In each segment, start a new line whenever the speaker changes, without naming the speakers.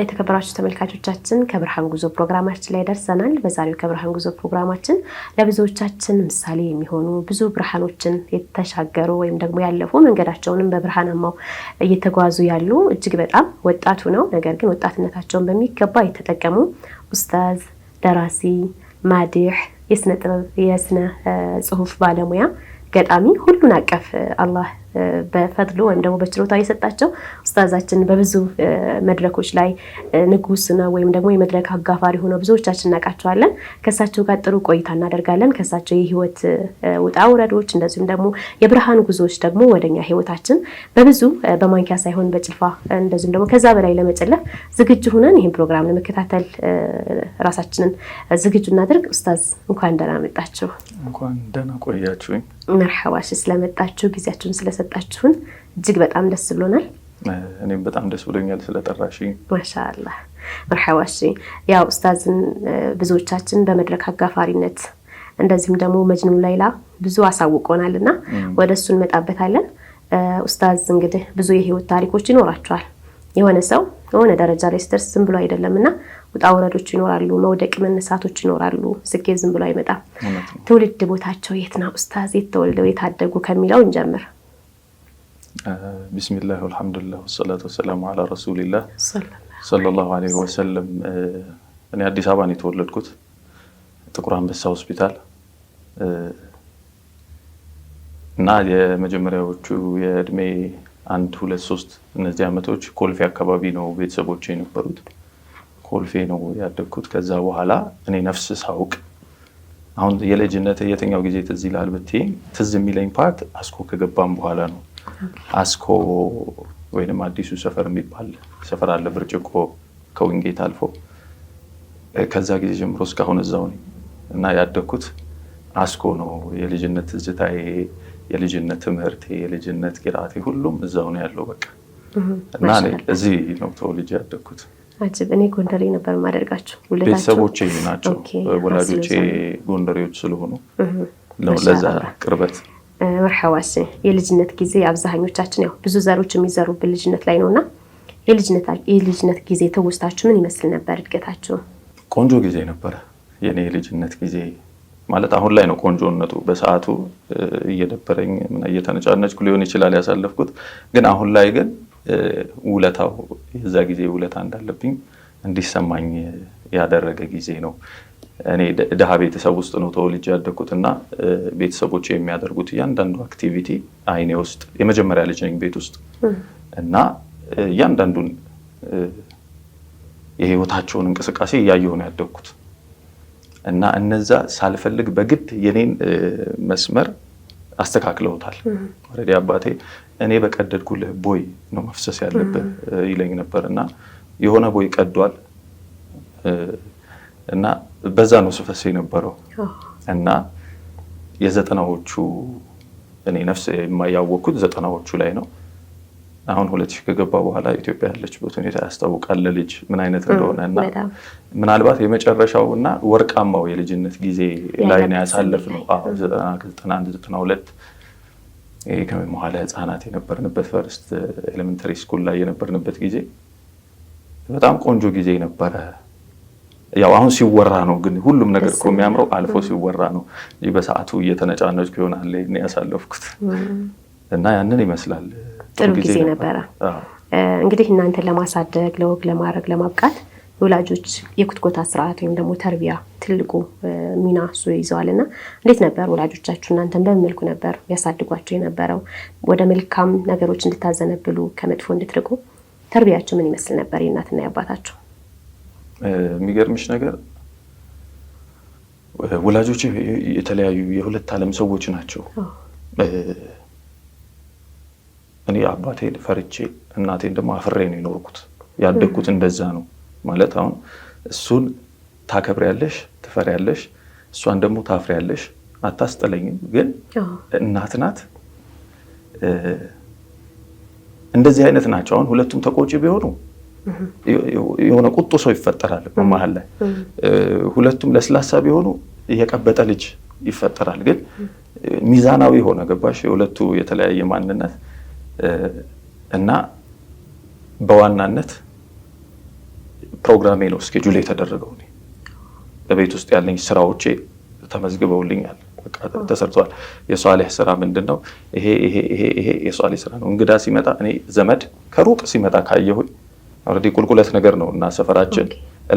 እና የተከበራችሁ ተመልካቾቻችን ከብርሃን ጉዞ ፕሮግራማችን ላይ ደርሰናል። በዛሬው ከብርሃን ጉዞ ፕሮግራማችን ለብዙዎቻችን ምሳሌ የሚሆኑ ብዙ ብርሃኖችን የተሻገሩ ወይም ደግሞ ያለፉ መንገዳቸውንም በብርሃናማው እየተጓዙ ያሉ እጅግ በጣም ወጣቱ ነው፣ ነገር ግን ወጣትነታቸውን በሚገባ የተጠቀሙ ኡስታዝ፣ ደራሲ፣ ማዲህ፣ የስነ ጥበብ የስነ ጽሁፍ ባለሙያ ገጣሚ ሁሉን አቀፍ አላህ በፈድሉ ወይም ደግሞ በችሎታ የሰጣቸው ስታዛችን በብዙ መድረኮች ላይ ንጉስ ነው ወይም ደግሞ የመድረክ አጋፋሪ ሆኖ ብዙዎቻችን እናውቃቸዋለን። ከእሳቸው ጋር ጥሩ ቆይታ እናደርጋለን። ከእሳቸው የህይወት ውጣ ውረዶች እንደዚሁም ደግሞ የብርሃን ጉዞዎች ደግሞ ወደኛ ህይወታችን በብዙ በማንኪያ ሳይሆን በጭልፋ እንደዚሁም ደግሞ ከዛ በላይ ለመጨለፍ ዝግጁ ሁነን ይህን ፕሮግራም ለመከታተል ራሳችንን ዝግጁ እናደርግ። ኡስታዝ እንኳን ደህና መጣችሁ።
እንኳን ደህና ቆያችሁኝ።
መርሐዋሽ ስለመጣችሁ ጊዜያችሁን ስለሰጣችሁን እጅግ በጣም ደስ ብሎናል።
እኔም በጣም ደስ ብሎኛል ስለጠራሽ።
ማሻአላ መርሐዋሽ። ያው ኡስታዝን ብዙዎቻችን በመድረክ አጋፋሪነት እንደዚህም ደግሞ መጅኑ ላይላ ብዙ አሳውቆናል እና ወደ እሱ እንመጣበታለን። ኡስታዝ እንግዲህ ብዙ የህይወት ታሪኮች ይኖራቸዋል። የሆነ ሰው የሆነ ደረጃ ላይ ስደርስ ዝም ብሎ አይደለም እና ውጣ ውረዶች ይኖራሉ፣ መውደቅ መነሳቶች ይኖራሉ። ስኬት ዝም ብሎ አይመጣም። ትውልድ ቦታቸው የት ነው ኡስታዝ? የት ተወልደው የታደጉ ከሚለው እንጀምር።
ቢስሚላህ አልሐምዱሊላህ ወሰላቱ ወሰላሙ አላ ረሱሊላህ
ሰለላሁ አለይሂ ወሰለም።
እኔ አዲስ አበባ ነው የተወለድኩት ጥቁር አንበሳ ሆስፒታል እና የመጀመሪያዎቹ የእድሜ አንድ ሁለት ሶስት እነዚህ ዓመቶች ኮልፌ አካባቢ ነው ቤተሰቦች የነበሩት። ኮልፌ ነው ያደግኩት። ከዛ በኋላ እኔ ነፍስ ሳውቅ አሁን የልጅነት የትኛው ጊዜ ትዝ ይላል ብትይ ትዝ የሚለኝ ፓርት አስኮ ከገባም በኋላ ነው አስኮ ወይም አዲሱ ሰፈር የሚባል ሰፈር አለ፣ ብርጭቆ ከውንጌት አልፎ። ከዛ ጊዜ ጀምሮ እስካሁን እዛው ነኝ እና ያደግኩት አስኮ ነው። የልጅነት ትዝታዬ፣ የልጅነት ትምህርቴ፣ የልጅነት ቂራቴ ሁሉም እዛው ነው ያለው በቃ እና እዚህ ነው ተወልጄ ያደግኩት።
አጅብ እኔ ጎንደሬ ነበር ማደርጋቸው
ቤተሰቦቼ ናቸው። ወላጆቼ ጎንደሬዎች ስለሆኑ ለዛ ቅርበት
መርሐባችን የልጅነት ጊዜ አብዛኞቻችን ያው ብዙ ዘሮች የሚዘሩብን ልጅነት ላይ ነውና የልጅነት ጊዜ ትውስታችሁ ምን ይመስል ነበር? እድገታችሁ?
ቆንጆ ጊዜ ነበረ የኔ የልጅነት ጊዜ ማለት አሁን ላይ ነው ቆንጆነቱ። በሰዓቱ እየደበረኝ እየተነጫነጭኩ ሊሆን ይችላል ያሳለፍኩት። ግን አሁን ላይ ግን ውለታው የዛ ጊዜ ውለታ እንዳለብኝ እንዲሰማኝ ያደረገ ጊዜ ነው። እኔ ድሃ ቤተሰብ ውስጥ ነው ተወልጄ ያደግኩት እና ቤተሰቦች የሚያደርጉት እያንዳንዱ አክቲቪቲ አይኔ ውስጥ የመጀመሪያ ልጅ ነኝ ቤት ውስጥ እና እያንዳንዱን የህይወታቸውን እንቅስቃሴ እያየሁ ነው ያደግኩት እና እነዛ ሳልፈልግ በግድ የኔን መስመር አስተካክለውታል። ወረዲ አባቴ እኔ በቀደድኩልህ ቦይ ነው መፍሰስ ያለብህ ይለኝ ነበር እና የሆነ ቦይ ቀዷል እና በዛ ነው ስፈስ የነበረው እና የዘጠናዎቹ እኔ ነፍስ የማያወቅኩት ዘጠናዎቹ ላይ ነው። አሁን ሁለት ሺህ ከገባ በኋላ ኢትዮጵያ ያለችበት ሁኔታ ያስታውቃል ለልጅ ምን አይነት እንደሆነ እና ምናልባት የመጨረሻው እና ወርቃማው የልጅነት ጊዜ ላይ ነው ያሳለፍነው። ዘጠና አንድ ዘጠና ሁለት ከመዋዕለ ህፃናት የነበርንበት ፈርስት ኤሌመንተሪ ስኩል ላይ የነበርንበት ጊዜ በጣም ቆንጆ ጊዜ ነበረ። ያው አሁን ሲወራ ነው፣ ግን ሁሉም ነገር እኮ የሚያምረው አልፎ ሲወራ ነው። በሰዓቱ እየተነጫነጭኩ ይሆናል ያሳለፍኩት እና ያንን ይመስላል።
ጥሩ ጊዜ ነበረ። እንግዲህ እናንተን ለማሳደግ ለወግ ለማድረግ ለማብቃት የወላጆች የኩትኮታ ስርዓት ወይም ደግሞ ተርቢያ ትልቁ ሚና እሱ ይዘዋል እና እንዴት ነበር ወላጆቻችሁ እናንተን በምን መልኩ ነበር ያሳድጓቸው የነበረው? ወደ መልካም ነገሮች እንድታዘነብሉ ከመጥፎ እንድትርቁ ተርቢያቸው ምን ይመስል ነበር የእናትና የአባታቸው?
የሚገርምሽ ነገር ወላጆች የተለያዩ የሁለት ዓለም ሰዎች ናቸው። እኔ አባቴን ፈርቼ እናቴን ደግሞ አፍሬ ነው የኖርኩት። ያደግኩት እንደዛ ነው ማለት አሁን እሱን ታከብሪያለሽ፣ ትፈሪያለሽ፣ እሷን ደግሞ ታፍሪያለሽ። አታስጠለኝም፣ ግን እናት ናት። እንደዚህ አይነት ናቸው። አሁን ሁለቱም ተቆጪ ቢሆኑ የሆነ ቁጡ ሰው ይፈጠራል መሀል ላይ ሁለቱም ለስላሳ ቢሆኑ የቀበጠ ልጅ ይፈጠራል። ግን ሚዛናዊ ሆነ ገባሽ የሁለቱ የተለያየ ማንነት እና በዋናነት ፕሮግራሜ ነው እስኬጁል የተደረገው። በቤት ውስጥ ያለኝ ስራዎቼ ተመዝግበውልኛል፣ ተሰርተዋል። የሷሌህ ስራ ምንድን ነው? ይሄ ይሄ ይሄ የሷሌህ ስራ ነው። እንግዳ ሲመጣ እኔ ዘመድ ከሩቅ ሲመጣ ካየሁኝ ኦልሬዲ ቁልቁለት ነገር ነው እና ሰፈራችን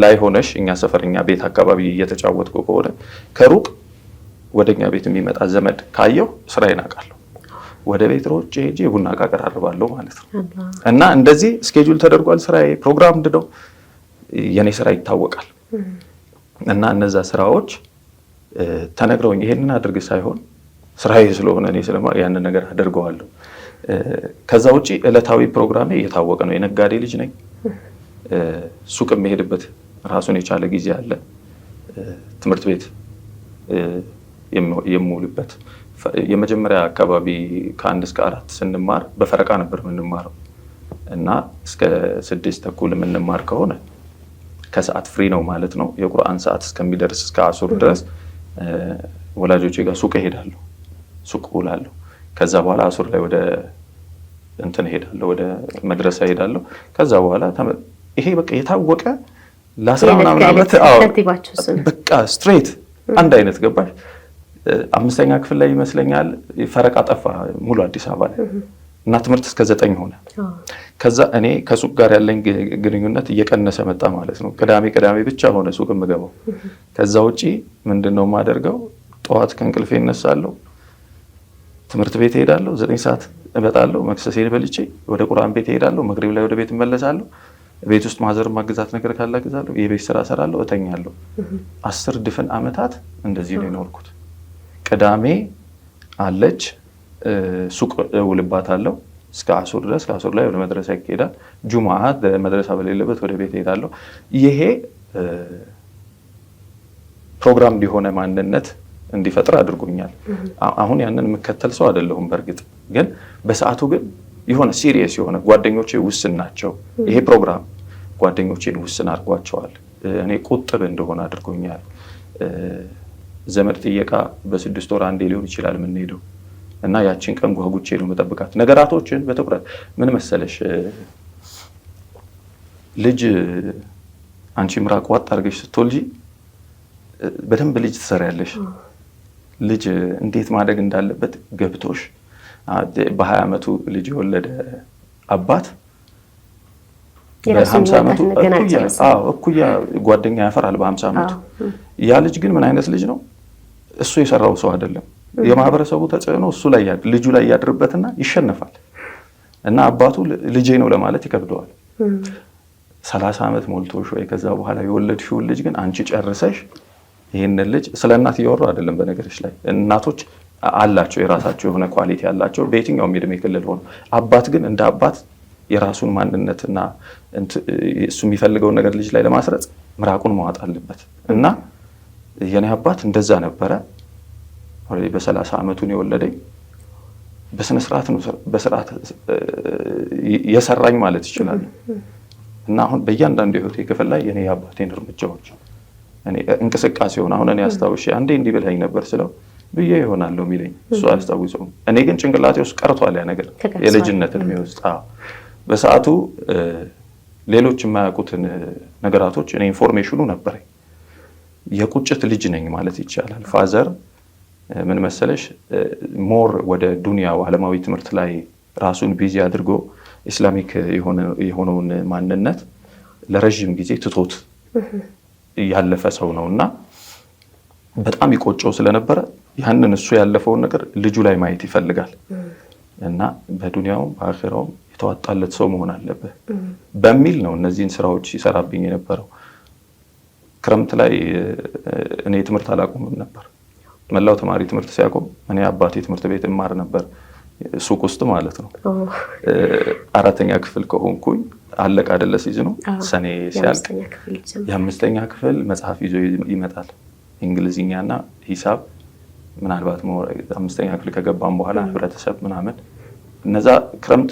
ላይ ሆነሽ እኛ ሰፈር እኛ ቤት አካባቢ እየተጫወትኩ ከሆነ ከሩቅ ወደኛ ቤት የሚመጣ ዘመድ ካየው ስራዬን አውቃለሁ። ወደ ቤት ሮጭ ሄጄ ቡና ዕቃ አቀራርባለሁ ማለት ነው እና እንደዚህ ስኬጁል ተደርጓል። ስራ ፕሮግራም ነው። የኔ ስራ ይታወቃል እና እነዛ ስራዎች ተነግረውኝ ይሄንን አድርግ ሳይሆን ስራዬ ስለሆነ እኔ ያንን ነገር አደርገዋለሁ። ከዛ ውጭ እለታዊ ፕሮግራሜ እየታወቀ ነው። የነጋዴ ልጅ ነኝ። ሱቅ የሚሄድበት ራሱን የቻለ ጊዜ አለ። ትምህርት ቤት የምውልበት የመጀመሪያ አካባቢ ከአንድ እስከ አራት ስንማር በፈረቃ ነበር የምንማረው እና እስከ ስድስት ተኩል የምንማር ከሆነ ከሰዓት ፍሪ ነው ማለት ነው። የቁርአን ሰዓት እስከሚደርስ እስከ አሱር ድረስ ወላጆቼ ጋር ሱቅ እሄዳለሁ፣ ሱቅ ውላለሁ። ከዛ በኋላ አሱር ላይ ወደ እንትን ሄዳለሁ፣ ወደ መድረሳ ሄዳለሁ። ከዛ በኋላ ይሄ በቃ የታወቀ ለአስራ ምናምን ዓመት በቃ ስትሬት አንድ አይነት ገባሽ። አምስተኛ ክፍል ላይ ይመስለኛል ፈረቃ ጠፋ ሙሉ አዲስ አበባ ላይ እና ትምህርት እስከ ዘጠኝ ሆነ። ከዛ እኔ ከሱቅ ጋር ያለኝ ግንኙነት እየቀነሰ መጣ ማለት ነው። ቅዳሜ ቅዳሜ ብቻ ሆነ ሱቅ የምገባው። ከዛ ውጪ ምንድን ነው የማደርገው? ጠዋት ከእንቅልፌ እነሳለሁ ትምህርት ቤት እሄዳለሁ፣ ዘጠኝ ሰዓት እመጣለሁ። መክሰሴን በልቼ ወደ ቁርአን ቤት እሄዳለሁ። መግሪብ ላይ ወደ ቤት እመለሳለሁ። ቤት ውስጥ ማዘር ማግዛት ነገር ካላግዛለሁ፣ የቤት ስራ እሰራለሁ፣ እተኛለሁ። አስር ድፍን ዓመታት እንደዚህ ነው የኖርኩት። ቅዳሜ አለች ሱቅ ውልባት አለው እስከ አሱር ድረስ ከአሱር ላይ ወደ መድረሳ ይሄዳል። ጁምዓ መድረሳ በሌለበት ወደ ቤት እሄዳለሁ። ይሄ ፕሮግራም ሊሆነ ማንነት እንዲፈጥር አድርጎኛል። አሁን ያንን የምከተል ሰው አይደለሁም። በእርግጥ ግን በሰዓቱ ግን የሆነ ሲሪየስ የሆነ ጓደኞቼ ውስን ናቸው። ይሄ ፕሮግራም ጓደኞቼን ውስን አድርጓቸዋል። እኔ ቁጥብ እንደሆነ አድርጎኛል። ዘመድ ጥየቃ በስድስት ወር አንዴ ሊሆን ይችላል የምንሄደው እና ያችን ቀን ጓጉቼ ነው መጠብቃት ነገራቶችን በትኩረት ምን መሰለሽ ልጅ አንቺ ምራቅ ዋጥ አድርገሽ ስትወልጂ በደንብ ልጅ ትሰሪያለሽ። ልጅ እንዴት ማደግ እንዳለበት ገብቶሽ በሀያ ዓመቱ ልጅ የወለደ አባት
በሀምሳ ዓመቱ
እኩያ ጓደኛ ያፈራል። በሀምሳ ዓመቱ ያ ልጅ ግን ምን አይነት ልጅ ነው? እሱ የሰራው ሰው አይደለም። የማህበረሰቡ ተጽዕኖ እሱ ላይ ልጁ ላይ ያድርበትና ይሸነፋል እና አባቱ ልጄ ነው ለማለት ይከብደዋል። ሰላሳ ዓመት ሞልቶሽ ወይ ከዛ በኋላ የወለድሽውን ልጅ ግን አንቺ ጨርሰሽ ይህንን ልጅ ስለ እናት እየወሩ አይደለም። በነገሮች ላይ እናቶች አላቸው የራሳቸው የሆነ ኳሊቲ አላቸው፣ በየትኛውም የዕድሜ ክልል ሆኖ፣ አባት ግን እንደ አባት የራሱን ማንነትና እሱ የሚፈልገውን ነገር ልጅ ላይ ለማስረጽ ምራቁን መዋጥ አለበት እና የኔ አባት እንደዛ ነበረ። በሰላሳ ዓመቱን የወለደኝ በስነስርዓት ነው በስርዓት የሰራኝ ማለት ይችላል እና አሁን በእያንዳንዱ የህይወቴ ክፍል ላይ የኔ የአባቴን እርምጃዎች እንቅስቃሴውን አሁን እኔ አስታውሽ አንዴ እንዲህ ብለኸኝ ነበር ስለው ብዬ ይሆናለሁ የሚለኝ እሱ አያስታውሰውም። እኔ ግን ጭንቅላቴ ውስጥ ቀርቷል ያ ነገር የልጅነት እድሜ ውስጥ በሰዓቱ ሌሎች የማያውቁትን ነገራቶች እኔ ኢንፎርሜሽኑ ነበረኝ። የቁጭት ልጅ ነኝ ማለት ይቻላል። ፋዘር ምን መሰለሽ ሞር ወደ ዱንያው ዓለማዊ ትምህርት ላይ ራሱን ቢዚ አድርጎ ኢስላሚክ የሆነውን ማንነት ለረዥም ጊዜ ትቶት ያለፈ ሰው ነው እና በጣም ይቆጨው ስለነበረ ያንን እሱ ያለፈውን ነገር ልጁ ላይ ማየት ይፈልጋል እና በዱንያውም በአኼራውም የተዋጣለት ሰው መሆን አለብህ በሚል ነው እነዚህን ስራዎች ይሰራብኝ የነበረው። ክረምት ላይ እኔ ትምህርት አላቆምም ነበር። መላው ተማሪ ትምህርት ሲያቆም እኔ አባቴ ትምህርት ቤት እማር ነበር፣ ሱቅ ውስጥ ማለት ነው። አራተኛ ክፍል ከሆንኩኝ አለቅ አደለ ሲዝኑ ሰኔ ሲያልቅ
የአምስተኛ ክፍል መጽሐፍ ይዞ ይመጣል።
እንግሊዝኛና ሂሳብ ምናልባት አምስተኛ ክፍል ከገባም በኋላ ህብረተሰብ ምናምን እነዛ ክረምት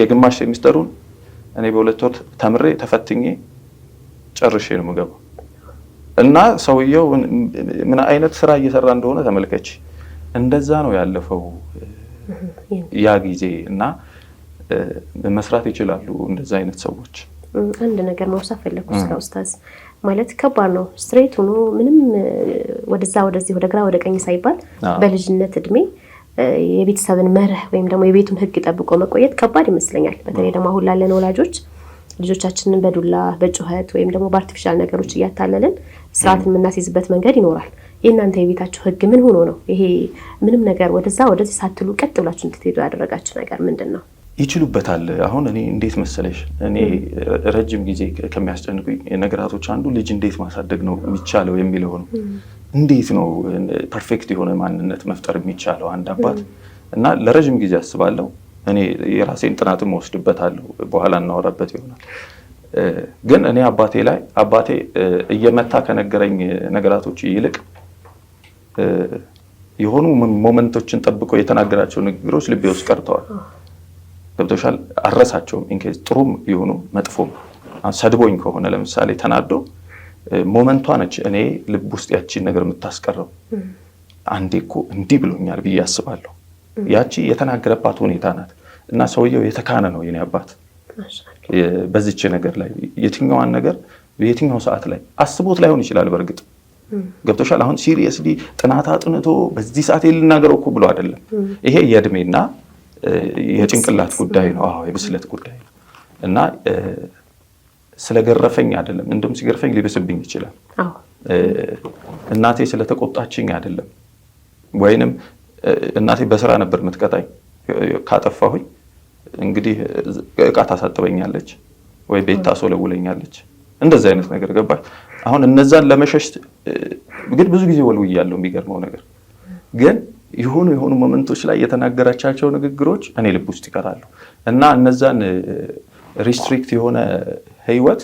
የግማሽ የሚስጠሩን እኔ በሁለት ወር ተምሬ ተፈትኜ ጨርሼ ነው ምገባ እና ሰውየው ምን አይነት ስራ እየሰራ እንደሆነ ተመልከች። እንደዛ ነው ያለፈው ያ ጊዜ እና መስራት ይችላሉ እንደዚ አይነት ሰዎች።
አንድ ነገር ማውሳት ፈለግኩ ስለ ኡስታዝ ማለት ከባድ ነው። ስትሬት ሆኖ ምንም ወደዛ ወደዚህ ወደ ግራ ወደ ቀኝ ሳይባል በልጅነት እድሜ የቤተሰብን መርህ ወይም ደግሞ የቤቱን ሕግ ጠብቆ መቆየት ከባድ ይመስለኛል። በተለይ ደግሞ አሁን ላለን ወላጆች ልጆቻችንን በዱላ በጩኸት ወይም ደግሞ በአርቲፊሻል ነገሮች እያታለልን ስርዓትን የምናስይዝበት መንገድ ይኖራል። የእናንተ የቤታችሁ ሕግ ምን ሆኖ ነው ይሄ? ምንም ነገር ወደዛ ወደዚህ ሳትሉ ቀጥ ብላችሁ እንድትሄዱ ያደረጋችሁ ነገር ምንድን ነው?
ይችሉበታል። አሁን እኔ እንዴት መሰለሽ፣ እኔ ረጅም ጊዜ ከሚያስጨንቁኝ ነገራቶች አንዱ ልጅ እንዴት ማሳደግ ነው የሚቻለው የሚለው ነው። እንዴት ነው ፐርፌክት የሆነ ማንነት መፍጠር የሚቻለው አንድ አባት እና ለረጅም ጊዜ አስባለሁ። እኔ የራሴን ጥናትም ወስድበታለሁ፣ በኋላ እናወራበት ይሆናል። ግን እኔ አባቴ ላይ አባቴ እየመታ ከነገረኝ ነገራቶች ይልቅ የሆኑ ሞመንቶችን ጠብቆ የተናገራቸው ንግግሮች ልቤ ውስጥ ቀርተዋል። ገብቶሻል። አረሳቸውም ኢንኬዝ ጥሩም ይሁኑ መጥፎም ሰድቦኝ ከሆነ ለምሳሌ ተናዶ ሞመንቷ ነች እኔ ልብ ውስጥ ያቺን ነገር የምታስቀረው። አንዴ እኮ እንዲህ ብሎኛል ብዬ አስባለሁ። ያቺ የተናገረባት ሁኔታ ናት እና ሰውየው የተካነ ነው የኔ አባት በዚች ነገር ላይ የትኛዋን ነገር የትኛው ሰዓት ላይ አስቦት ላይሆን ይችላል። በእርግጥ ገብቶሻል። አሁን ሲሪየስሊ ጥናት አጥንቶ በዚህ ሰዓት የልናገረው እኮ ብሎ አይደለም። ይሄ የእድሜና የጭንቅላት ጉዳይ ነው። አዎ የብስለት ጉዳይ ነው እና ስለገረፈኝ አይደለም። እንደውም ሲገርፈኝ ሊብስብኝ ይችላል። እናቴ ስለተቆጣችኝ አይደለም። ወይንም እናቴ በስራ ነበር የምትቀጣኝ። ካጠፋሁኝ እንግዲህ እቃ ታሳጥበኛለች ወይ ቤት ታስወለውለኛለች። እንደዚህ አይነት ነገር ገባች። አሁን እነዛን ለመሸሽ ግን ብዙ ጊዜ ወልውያለሁ። የሚገርመው ነገር ግን የሆኑ የሆኑ ሞመንቶች ላይ የተናገረቻቸው ንግግሮች እኔ ልብ ውስጥ ይቀራሉ እና እነዛን ሪስትሪክት የሆነ ህይወት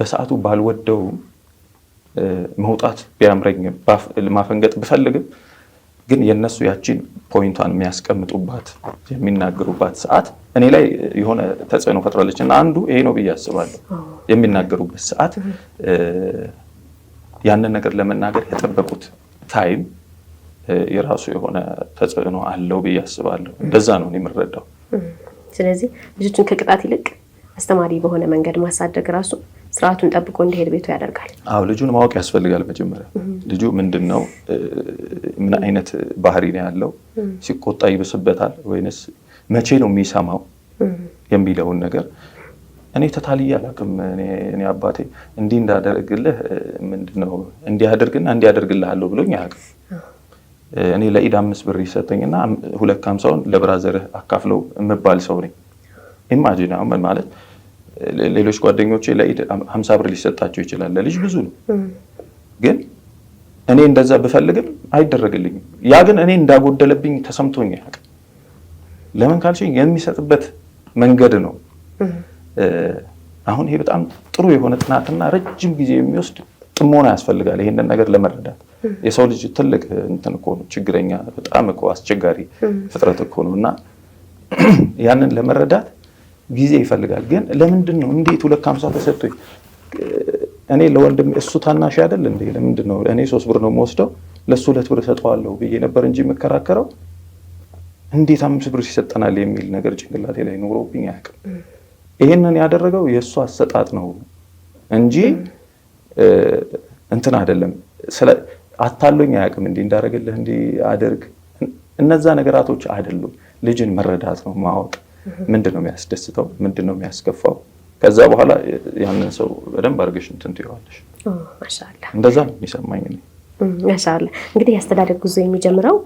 በሰዓቱ ባልወደውም መውጣት ቢያምረኝም ማፈንገጥ ብፈልግም ግን የእነሱ ያቺን ፖይንቷን የሚያስቀምጡባት የሚናገሩባት ሰዓት እኔ ላይ የሆነ ተጽዕኖ ፈጥራለች እና አንዱ ይሄ ነው ብዬ አስባለሁ። የሚናገሩበት ሰዓት ያንን ነገር ለመናገር የጠበቁት ታይም የራሱ የሆነ ተጽዕኖ አለው ብዬ አስባለሁ። እንደዛ ነው የምረዳው።
ስለዚህ ልጆችን ከቅጣት ይልቅ አስተማሪ በሆነ መንገድ ማሳደግ ራሱ ስርዓቱን ጠብቆ እንዲሄድ ቤቱ ያደርጋል።
አዎ ልጁን ማወቅ ያስፈልጋል። መጀመሪያ ልጁ ምንድን ነው፣ ምን አይነት ባህሪ ነው ያለው፣ ሲቆጣ ይብስበታል ወይንስ መቼ ነው የሚሰማው የሚለውን ነገር እኔ ተታልዬ አላውቅም። እኔ አባቴ እንዲህ እንዳደርግልህ ምንድን ነው እንዲህ አድርግና ብሎኝ አያውቅም። እኔ ለኢድ አምስት ብር ይሰጠኝና ሁለት ሀምሳውን ለብራዘርህ አካፍለው የምባል ሰው ነኝ። ኢማጂን አሁን ማለት ሌሎች ጓደኞቼ ለኢድ ሀምሳ ብር ሊሰጣቸው ይችላል። ለልጅ ብዙ ነው፣ ግን እኔ እንደዛ ብፈልግም አይደረግልኝም። ያ ግን እኔ እንዳጎደለብኝ ተሰምቶኝ አያውቅም። ለምን ካልሽኝ የሚሰጥበት መንገድ ነው። አሁን ይሄ በጣም ጥሩ የሆነ ጥናትና ረጅም ጊዜ የሚወስድ ጥሞና ያስፈልጋል። ይሄንን ነገር ለመረዳት የሰው ልጅ ትልቅ እንትን እኮ ነው፣ ችግረኛ በጣም እኮ አስቸጋሪ ፍጥረት እኮ ነው እና ያንን ለመረዳት ጊዜ ይፈልጋል። ግን ለምንድን ነው እንዴት ሁለት ከሀምሳ ተሰጥቶ እኔ ለወንድም እሱ ታናሽ አይደል እንዴ? ለምንድን ነው እኔ ሶስት ብር ነው የምወስደው ለእሱ ሁለት ብር ሰጠዋለሁ ብዬ ነበር እንጂ የምከራከረው እንዴት አምስት ብር ይሰጠናል የሚል ነገር ጭንቅላቴ ላይ ኑሮብኝ አያውቅም። ይህንን ያደረገው የእሱ አሰጣጥ ነው እንጂ እንትን አይደለም ስለ አታሎኝ አያውቅም እንዲህ እንዳደረግልህ እንዲህ አድርግ እነዛ ነገራቶች አይደሉም። ልጅን መረዳት ነው ማወቅ፣ ምንድን ነው የሚያስደስተው፣ ምንድን ነው የሚያስከፋው። ከዛ በኋላ ያንን ሰው በደንብ አድርገሽ እንትን ትይዋለሽ። እንደዛ ነው የሚሰማኝ።
ማሻአላ እንግዲህ የአስተዳደግ ጉዞ የሚጀምረው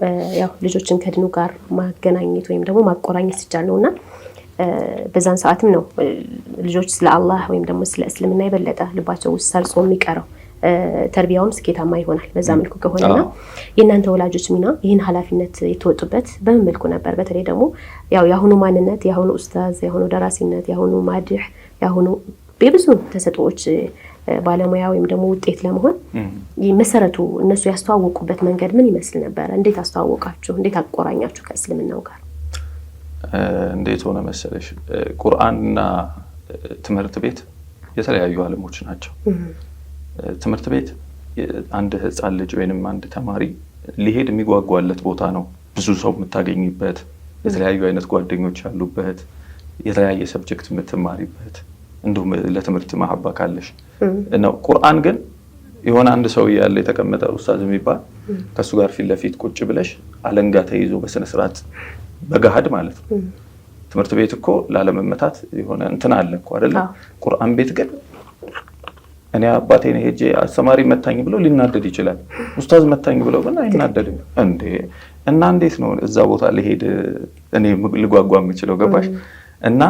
ያው ልጆችን ከድኑ ጋር ማገናኘት ወይም ደግሞ ማቆራኘት ሲቻል ነው እና በዛን ሰዓትም ነው ልጆች ስለ አላህ ወይም ደግሞ ስለ እስልምና የበለጠ ልባቸው ውስጥ ሰርጾ የሚቀረው ተርቢያውም ስኬታማ ይሆናል። በዛ መልኩ ከሆነና የእናንተ ወላጆች ሚና ይህን ኃላፊነት የተወጡበት በምን መልኩ ነበር? በተለይ ደግሞ ያው የአሁኑ ማንነት የአሁኑ ኡስታዝ፣ የአሁኑ ደራሲነት፣ የአሁኑ ማድህ፣ የአሁኑ የብዙ ተሰጥኦዎች ባለሙያ ወይም ደግሞ ውጤት ለመሆን መሰረቱ እነሱ ያስተዋወቁበት መንገድ ምን ይመስል ነበረ? እንዴት አስተዋወቃችሁ? እንዴት አቆራኛችሁ ከእስልምናው ጋር?
እንዴት ሆነ መሰለሽ፣ ቁርአንና ትምህርት ቤት የተለያዩ አለሞች ናቸው። ትምህርት ቤት አንድ ህፃን ልጅ ወይንም አንድ ተማሪ ሊሄድ የሚጓጓለት ቦታ ነው። ብዙ ሰው የምታገኝበት፣ የተለያዩ አይነት ጓደኞች ያሉበት፣ የተለያየ ሰብጀክት የምትማሪበት እንዲሁም ለትምህርት ማሀባ ካለሽ ነው። ቁርአን ግን የሆነ አንድ ሰው ያለ የተቀመጠ ውስታዝ የሚባል ከእሱ ጋር ፊት ለፊት ቁጭ ብለሽ አለንጋ ተይዞ በስነስርዓት በገሃድ ማለት ነው። ትምህርት ቤት እኮ ላለመመታት የሆነ እንትን አለ እኮ አይደለ? ቁርአን ቤት ግን እኔ አባቴን ሄጄ አስተማሪ መታኝ ብሎ ሊናደድ ይችላል። ኡስታዝ መታኝ ብሎ ግን አይናደድም እንዴ። እና እንዴት ነው እዛ ቦታ ሊሄድ እኔ ልጓጓ የምችለው ገባሽ? እና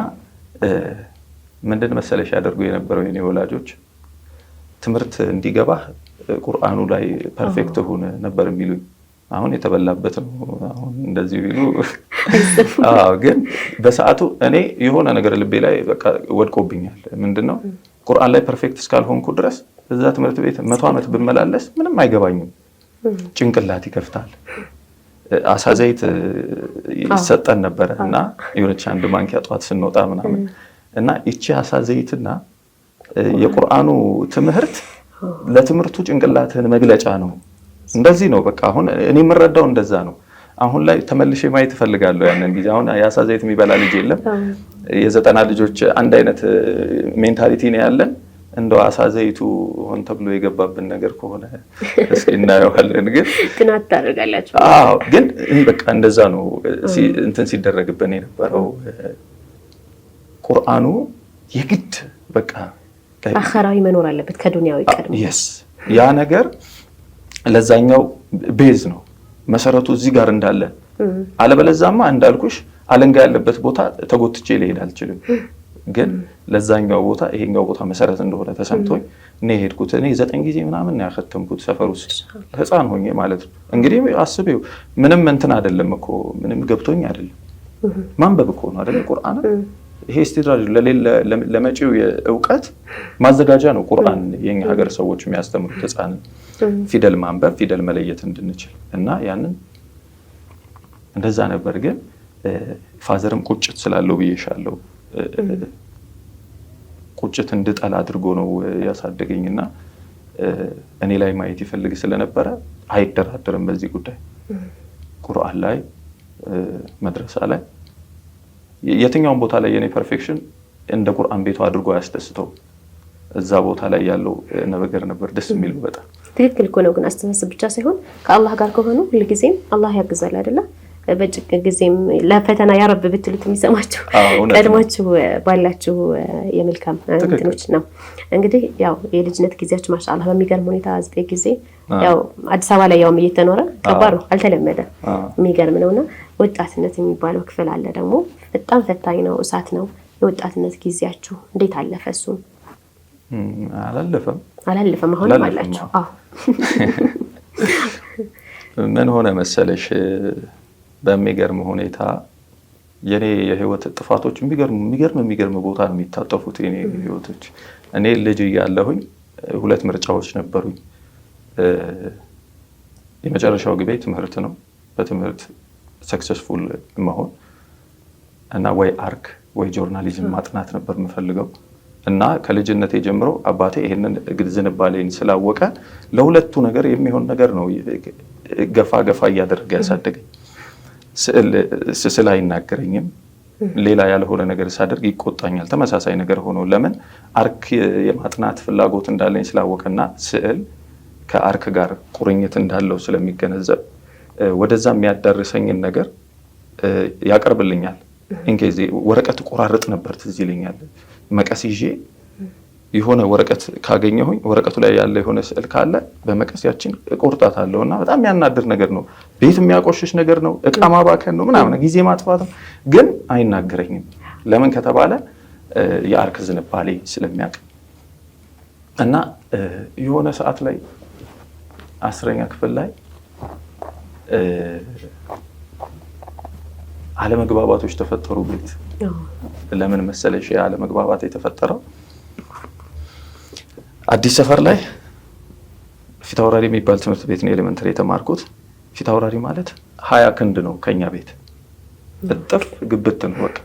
ምንድን መሰለሽ ያደርጉ የነበረው የኔ ወላጆች ትምህርት እንዲገባህ ቁርአኑ ላይ ፐርፌክት ሁን ነበር የሚሉኝ አሁን የተበላበት ነው አሁን እንደዚህ ቢሉ ግን በሰዓቱ እኔ የሆነ ነገር ልቤ ላይ በቃ ወድቆብኛል። ምንድን ነው ቁርአን ላይ ፐርፌክት እስካልሆንኩ ድረስ እዛ ትምህርት ቤት መቶ ዓመት ብመላለስ ምንም አይገባኝም። ጭንቅላት ይከፍታል። አሳ ዘይት ይሰጠን ነበረ እና የሆነች አንድ ማንኪያ ጠዋት ስንወጣ ምናምን እና ይቺ አሳ ዘይትና የቁርአኑ ትምህርት ለትምህርቱ ጭንቅላትህን መግለጫ ነው እንደዚህ ነው። በቃ አሁን እኔ የምረዳው እንደዛ ነው። አሁን ላይ ተመልሼ ማየት እፈልጋለሁ ያንን ጊዜ። አሁን የአሳ ዘይት የሚበላ ልጅ የለም። የዘጠና ልጆች አንድ አይነት ሜንታሊቲ ነው ያለን። እንደው አሳ ዘይቱ ሆን ተብሎ የገባብን ነገር ከሆነ
እስኪ እናየዋለን። ግን ጥናት ታደርጋላችሁ?
አዎ። ግን በቃ እንደዛ ነው እንትን ሲደረግብን የነበረው ቁርአኑ የግድ በቃ
አኸራዊ መኖር አለበት ከዱንያዊ ቀድሞ
ያ ነገር ለዛኛው ቤዝ ነው መሰረቱ እዚህ ጋር እንዳለ። አለበለዛማ እንዳልኩሽ አለንጋ ያለበት ቦታ ተጎትቼ ሊሄድ አልችልም። ግን ለዛኛው ቦታ ይሄኛው ቦታ መሰረት እንደሆነ ተሰምቶኝ እኔ ሄድኩት እኔ ዘጠኝ ጊዜ ምናምን ያከተምኩት ሰፈር ውስጥ ህፃን ሆኜ ማለት ነው። እንግዲህ አስቤው ምንም እንትን አይደለም እኮ ምንም ገብቶኝ አይደለም። ማንበብ እኮ ነው አይደለ ቁርአን ይሄ ስቴድራል ለመጪው እውቀት ማዘጋጃ ነው። ቁርአን የኛ ሀገር ሰዎች የሚያስተምሩት ህፃንን ፊደል ማንበብ ፊደል መለየት እንድንችል እና ያንን እንደዛ ነበር። ግን ፋዘርም ቁጭት ስላለው ብዬሻለው ቁጭት እንድጠላ አድርጎ ነው ያሳደገኝና እኔ ላይ ማየት ይፈልግ ስለነበረ አይደራደርም በዚህ ጉዳይ ቁርአን ላይ መድረሳ ላይ የትኛውን ቦታ ላይ የኔ ፐርፌክሽን እንደ ቁርአን ቤቱ አድርጎ ያስደስተው እዛ ቦታ ላይ ያለው ነገር ነበር ደስ የሚል በጣም
ትክክል እኮ ነው። ግን አስተሳሰብ ብቻ ሳይሆን ከአላህ ጋር ከሆኑ ሁልጊዜም አላህ ያግዛል አይደለ? በጭቅ ጊዜም ለፈተና ያረብ ብትሉት የሚሰማችሁ ቀድማችሁ ባላችሁ የመልካም እንትኖች ነው። እንግዲህ ያው የልጅነት ጊዜያችሁ ማሻአላ በሚገርም ሁኔታ ዘጠኝ ጊዜ ያው አዲስ አበባ ላይ ያውም እየተኖረ ከባድ ነው፣ አልተለመደ የሚገርም ነውና ወጣትነት የሚባለው ክፍል አለ። ደግሞ በጣም ፈታኝ ነው፣ እሳት ነው። የወጣትነት ጊዜያችሁ እንዴት አለፈ? እሱም አላለፈም አላለፈም፣ አሁንም አላችሁ።
ምን ሆነ መሰለሽ፣ በሚገርም ሁኔታ የኔ የህይወት ጥፋቶች የሚገርም የሚገርም ቦታ ነው የሚታጠፉት። የኔ ህይወቶች እኔ ልጅ እያለሁኝ ሁለት ምርጫዎች ነበሩኝ። የመጨረሻው ግቤ ትምህርት ነው። በትምህርት ሰክሰስፉል መሆን እና ወይ አርክ ወይ ጆርናሊዝም ማጥናት ነበር የምፈልገው እና ከልጅነቴ ጀምሮ አባቴ ይህንን ዝንባሌን ስላወቀ ለሁለቱ ነገር የሚሆን ነገር ነው ገፋ ገፋ እያደረገ ያሳደገኝ። ስዕል አይናገረኝም። ሌላ ያልሆነ ነገር ሳደርግ ይቆጣኛል። ተመሳሳይ ነገር ሆኖ ለምን አርክ የማጥናት ፍላጎት እንዳለኝ ስላወቀና ስዕል ከአርክ ጋር ቁርኝት እንዳለው ስለሚገነዘብ ወደዛ የሚያዳርሰኝን ነገር ያቀርብልኛል። ኢንኬዝ ወረቀት ቆራረጥ ነበር ትዝ ይለኛል። መቀስ ይዤ የሆነ ወረቀት ካገኘሁኝ ወረቀቱ ላይ ያለ የሆነ ስዕል ካለ በመቀስ ያችን እቆርጣታለሁ እና በጣም ያናድር ነገር ነው። ቤት የሚያቆሽሽ ነገር ነው። እቃ ማባከን ነው ምናምን ጊዜ ማጥፋት ነው። ግን አይናገረኝም። ለምን ከተባለ የአርክ ዝንባሌ ስለሚያውቅ እና የሆነ ሰዓት ላይ አስረኛ ክፍል ላይ አለመግባባቶች ተፈጠሩ። ቤት ለምን መሰለሽ አለመግባባት የተፈጠረው አዲስ ሰፈር ላይ ፊት አውራሪ የሚባል ትምህርት ቤት ነው ኤሌመንተሪ የተማርኩት። ፊት አውራሪ ማለት ሀያ ክንድ ነው ከኛ ቤት እጥፍ ግብት ነው በቃ።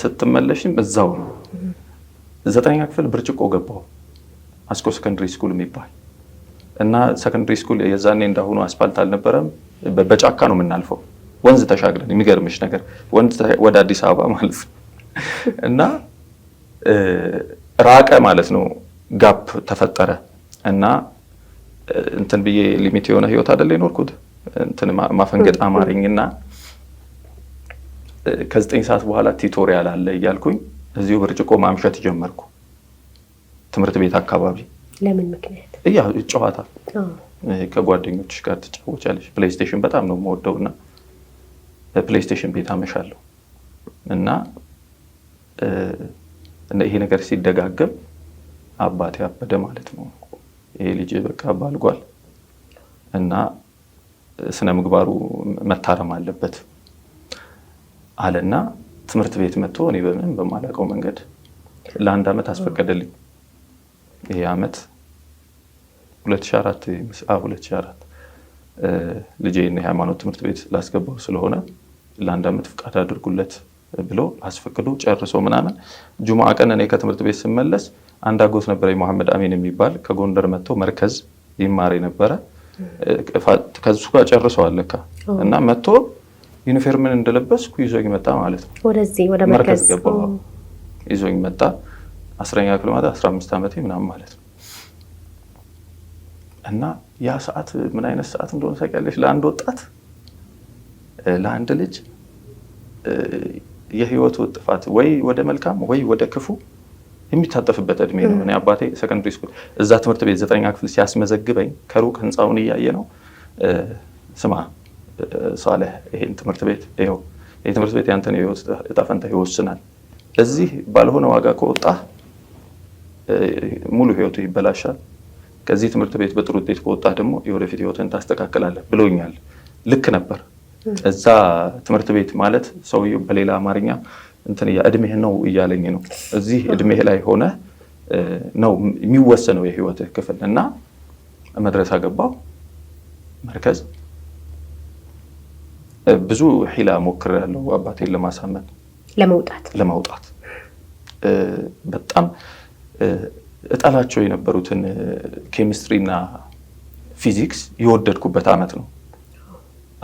ስትመለሽም እዛው ነው። ዘጠነኛ ክፍል ብርጭቆ ገባው አስኮ ሰከንድሪ ስኩል የሚባል እና ሰከንድሪ ስኩል የዛኔ እንዳሁኑ አስፋልት አልነበረም። በጫካ ነው የምናልፈው፣ ወንዝ ተሻግረን። የሚገርምሽ ነገር ወንዝ ወደ አዲስ አበባ ማለት ነው። እና ራቀ ማለት ነው፣ ጋፕ ተፈጠረ እና እንትን ብዬ ሊሚት የሆነ ህይወት አይደለ የኖርኩት እንትን ማፈንገጥ እና ከዘጠኝ ሰዓት በኋላ ቲቶሪያል አለ እያልኩኝ እዚሁ ብርጭቆ ማምሸት ጀመርኩ። ትምህርት ቤት አካባቢ
ለምን ምክንያት
ጨዋታ ከጓደኞች ጋር ትጫወቻለች ፕሌይስቴሽን በጣም ነው የምወደው እና ፕሌይስቴሽን ቤት አመሻለሁ እና ይሄ ነገር ሲደጋገም አባቴ አበደ ማለት ነው። ይሄ ልጅ በቃ ባልጓል እና ስነ ምግባሩ መታረም አለበት አለና ትምህርት ቤት መጥቶ እኔ በምን በማላውቀው መንገድ ለአንድ አመት አስፈቀደልኝ። ይሄ አመት 2004 2004 ልጄን የሃይማኖት ትምህርት ቤት ላስገባው ስለሆነ ለአንድ ዓመት ፍቃድ አድርጉለት ብሎ አስፈቅዶ ጨርሶ ምናምን ጁማ ቀን እኔ ከትምህርት ቤት ስመለስ አንድ አጎት ነበረ መሐመድ አሚን የሚባል ከጎንደር መጥቶ መርከዝ ይማር ነበረ ከሱ ጋር ጨርሰዋል ለካ እና መጥቶ ዩኒፎርምን እንደለበስኩ ይዞኝ መጣ ማለት ነው። ወደዚህ ወደ መርከዝ ገባ ይዞኝ መጣ። አስረኛ ክፍል ማለት አስራ አምስት ዓመቴ ምናምን ማለት ነው። እና ያ ሰዓት ምን አይነት ሰዓት እንደሆነ ታውቂያለሽ? ለአንድ ወጣት ለአንድ ልጅ የህይወቱ ጥፋት ወይ ወደ መልካም ወይ ወደ ክፉ የሚታጠፍበት እድሜ ነው። እኔ አባቴ ሰከንድሪ ስኩል እዛ ትምህርት ቤት ዘጠነኛ ክፍል ሲያስመዘግበኝ ከሩቅ ህንፃውን እያየ ነው ስማ ሳለህ ይሄን ትምህርት ቤት ይኸው ይህ ትምህርት ቤት ያንተን እጣ ፈንታ ይወስናል። እዚህ ባልሆነ ዋጋ ከወጣ ሙሉ ህይወቱ ይበላሻል። ከዚህ ትምህርት ቤት በጥሩ ውጤት ከወጣ ደግሞ የወደፊት ህይወትን ታስተካክላለህ ብሎኛል። ልክ ነበር። እዛ ትምህርት ቤት ማለት ሰውዬው በሌላ አማርኛ እንትን እድሜህ ነው እያለኝ ነው። እዚህ እድሜህ ላይ ሆነ ነው የሚወሰነው የህይወትህ ክፍል እና መድረሳ ገባው መርከዝ ብዙ ሂላ ሞክር ያለው አባቴን ለማሳመን ለመውጣት ለመውጣት በጣም እጠላቸው የነበሩትን ኬሚስትሪና ፊዚክስ የወደድኩበት ዓመት ነው።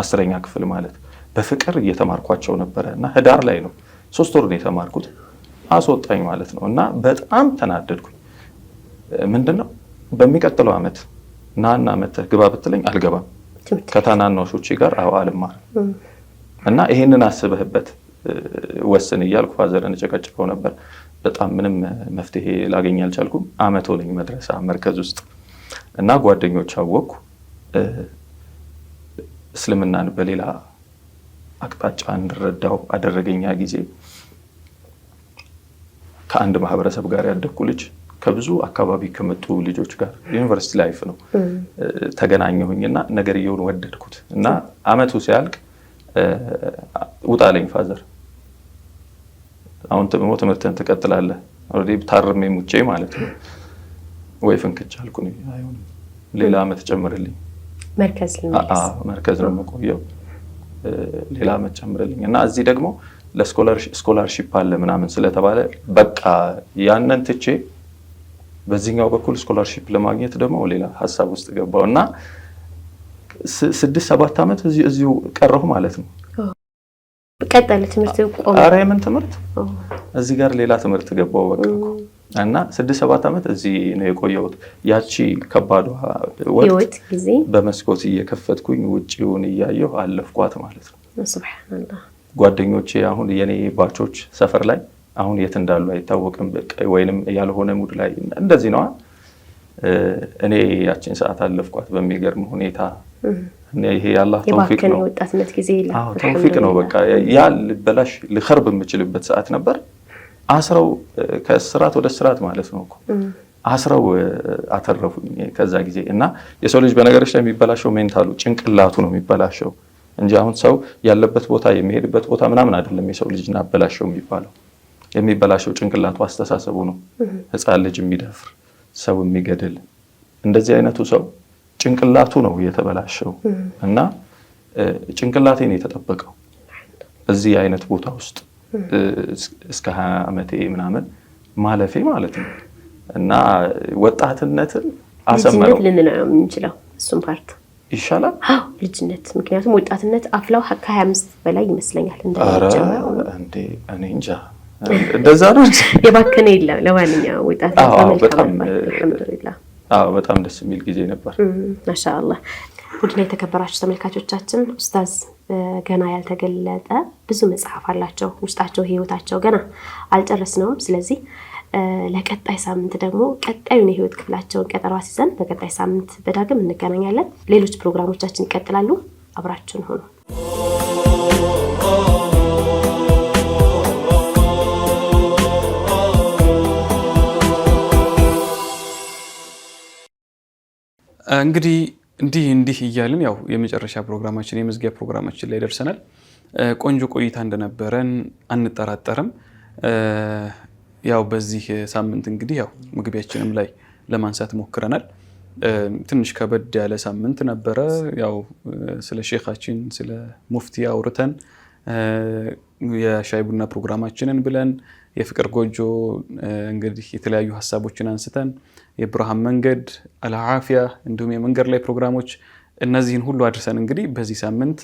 አስረኛ ክፍል ማለት በፍቅር እየተማርኳቸው ነበረ እና ህዳር ላይ ነው ሶስት ወር ነው የተማርኩት። አስወጣኝ ማለት ነው እና በጣም ተናደድኩኝ። ምንድነው በሚቀጥለው ዓመት ናና መተህ ግባ ብትለኝ አልገባም ከታናናሾች ጋር አዎ አልማርም እና ይሄንን አስበህበት ወስን እያልኩ ፋዘርን እጨቀጭቀው ነበር። በጣም ምንም መፍትሄ ላገኝ አልቻልኩም። አመት ሆነኝ መድረሳ መርከዝ ውስጥ እና ጓደኞች አወቅኩ እስልምናን በሌላ አቅጣጫ እንድረዳው አደረገኛ ጊዜ ከአንድ ማህበረሰብ ጋር ያደግኩ ልጅ ከብዙ አካባቢ ከመጡ ልጆች ጋር ዩኒቨርሲቲ ላይፍ ነው ተገናኘሁኝና ነገርየውን ወደድኩት እና አመቱ ሲያልቅ ውጣለኝ ፋዘር አሁን ደግሞ ትምህርትን ትቀጥላለህ። ታርሜ ሙጬ ማለት ነው ወይ ፍንክች አልኩ። ሌላ ዓመት ጨምርልኝ። መርከዝ ነው የምቆየው ሌላ አመት ጨምርልኝ እና እዚህ ደግሞ ለስኮላርሺፕ አለ ምናምን ስለተባለ በቃ ያንን ትቼ በዚህኛው በኩል ስኮላርሺፕ ለማግኘት ደግሞ ሌላ ሀሳብ ውስጥ ገባው እና ስድስት ሰባት ዓመት እዚሁ ቀረሁ ማለት ነው።
ቀጠለ ትምህርት
ቆመ። ኧረ የምን ትምህርት እዚህ ጋር ሌላ ትምህርት ገባው በቃ እና ስድስት ሰባት ዓመት እዚህ ነው የቆየሁት። ያቺ ከባዷ ወቅት በመስኮት እየከፈትኩኝ ውጭውን እያየሁ አለፍኳት ማለት
ነው።
ጓደኞቼ አሁን የኔ ባቾች ሰፈር ላይ አሁን የት እንዳሉ አይታወቅም፣ ወይንም ያልሆነ ሙድ ላይ እንደዚህ ነዋ። እኔ ያችን ሰዓት አለፍኳት በሚገርም ሁኔታ ይሄ የአላህ ተውፊቅ ነው።
የወጣትነት ጊዜ
ተውፊቅ ነው። በቃ ያ ልበላሽ ልኸርብ የምችልበት ሰዓት ነበር። አስረው ከስራት ወደ ስራት ማለት ነው እኮ አስረው አተረፉኝ ከዛ ጊዜ እና የሰው ልጅ በነገሮች ላይ የሚበላሸው ሜንታሉ ጭንቅላቱ ነው የሚበላሸው እንጂ አሁን ሰው ያለበት ቦታ የሚሄድበት ቦታ ምናምን አይደለም። የሰው ልጅ እናበላሸው የሚባለው የሚበላሸው ጭንቅላቱ አስተሳሰቡ ነው። ህፃን ልጅ የሚደፍር ሰው የሚገድል እንደዚህ አይነቱ ሰው ጭንቅላቱ ነው የተበላሸው እና ጭንቅላቴ ነው የተጠበቀው እዚህ አይነት ቦታ ውስጥ እስከ ሀያ ዓመቴ ምናምን ማለፌ ማለት ነው እና ወጣትነትን
አሰመረው የምንችለው እሱም ፓርት ይሻላል ልጅነት። ምክንያቱም ወጣትነት አፍላው ከሀያ አምስት በላይ ይመስለኛል
እኔ እንጃ እንደዛ ነው፣
የባከነ የለም። ለማንኛውም ወጣት
በጣም በጣም ደስ የሚል ጊዜ ነበር።
ማሻአላህ ቡድና የተከበራችሁ ተመልካቾቻችን ኡስታዝ ገና ያልተገለጠ ብዙ መጽሐፍ አላቸው ውስጣቸው ህይወታቸው ገና አልጨረስነውም። ስለዚህ ለቀጣይ ሳምንት ደግሞ ቀጣዩን የህይወት ክፍላቸውን ቀጠሮ አስይዘን በቀጣይ ሳምንት በዳግም እንገናኛለን። ሌሎች ፕሮግራሞቻችን ይቀጥላሉ። አብራችን ሆኑ።
እንግዲህ እንዲህ እንዲህ እያልን ያው የመጨረሻ ፕሮግራማችን የመዝጊያ ፕሮግራማችን ላይ ደርሰናል። ቆንጆ ቆይታ እንደነበረን አንጠራጠርም። ያው በዚህ ሳምንት እንግዲህ ያው መግቢያችንም ላይ ለማንሳት ሞክረናል። ትንሽ ከበድ ያለ ሳምንት ነበረ። ያው ስለ ሼካችን ስለ ሙፍቲ አውርተን የሻይ ቡና ፕሮግራማችንን ብለን የፍቅር ጎጆ እንግዲህ የተለያዩ ሀሳቦችን አንስተን የብርሃን መንገድ አልዓፊያ እንዲሁም የመንገድ ላይ ፕሮግራሞች እነዚህን ሁሉ አድርሰን እንግዲህ በዚህ ሳምንት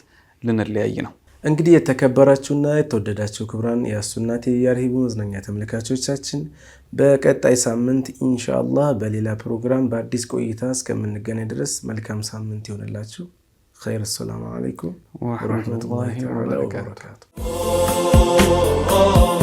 ልንለያይ ነው።
እንግዲህ የተከበራችሁና የተወደዳችሁ ክብራን የአሱና ቲቪ መዝናኛ ተመልካቾቻችን በቀጣይ ሳምንት ኢንሻአላህ በሌላ ፕሮግራም በአዲስ ቆይታ እስከምንገናኝ ድረስ መልካም ሳምንት ይሆንላችሁ። خير السلام عليكم ورحمة الله, الله وبركاته, وبركاته.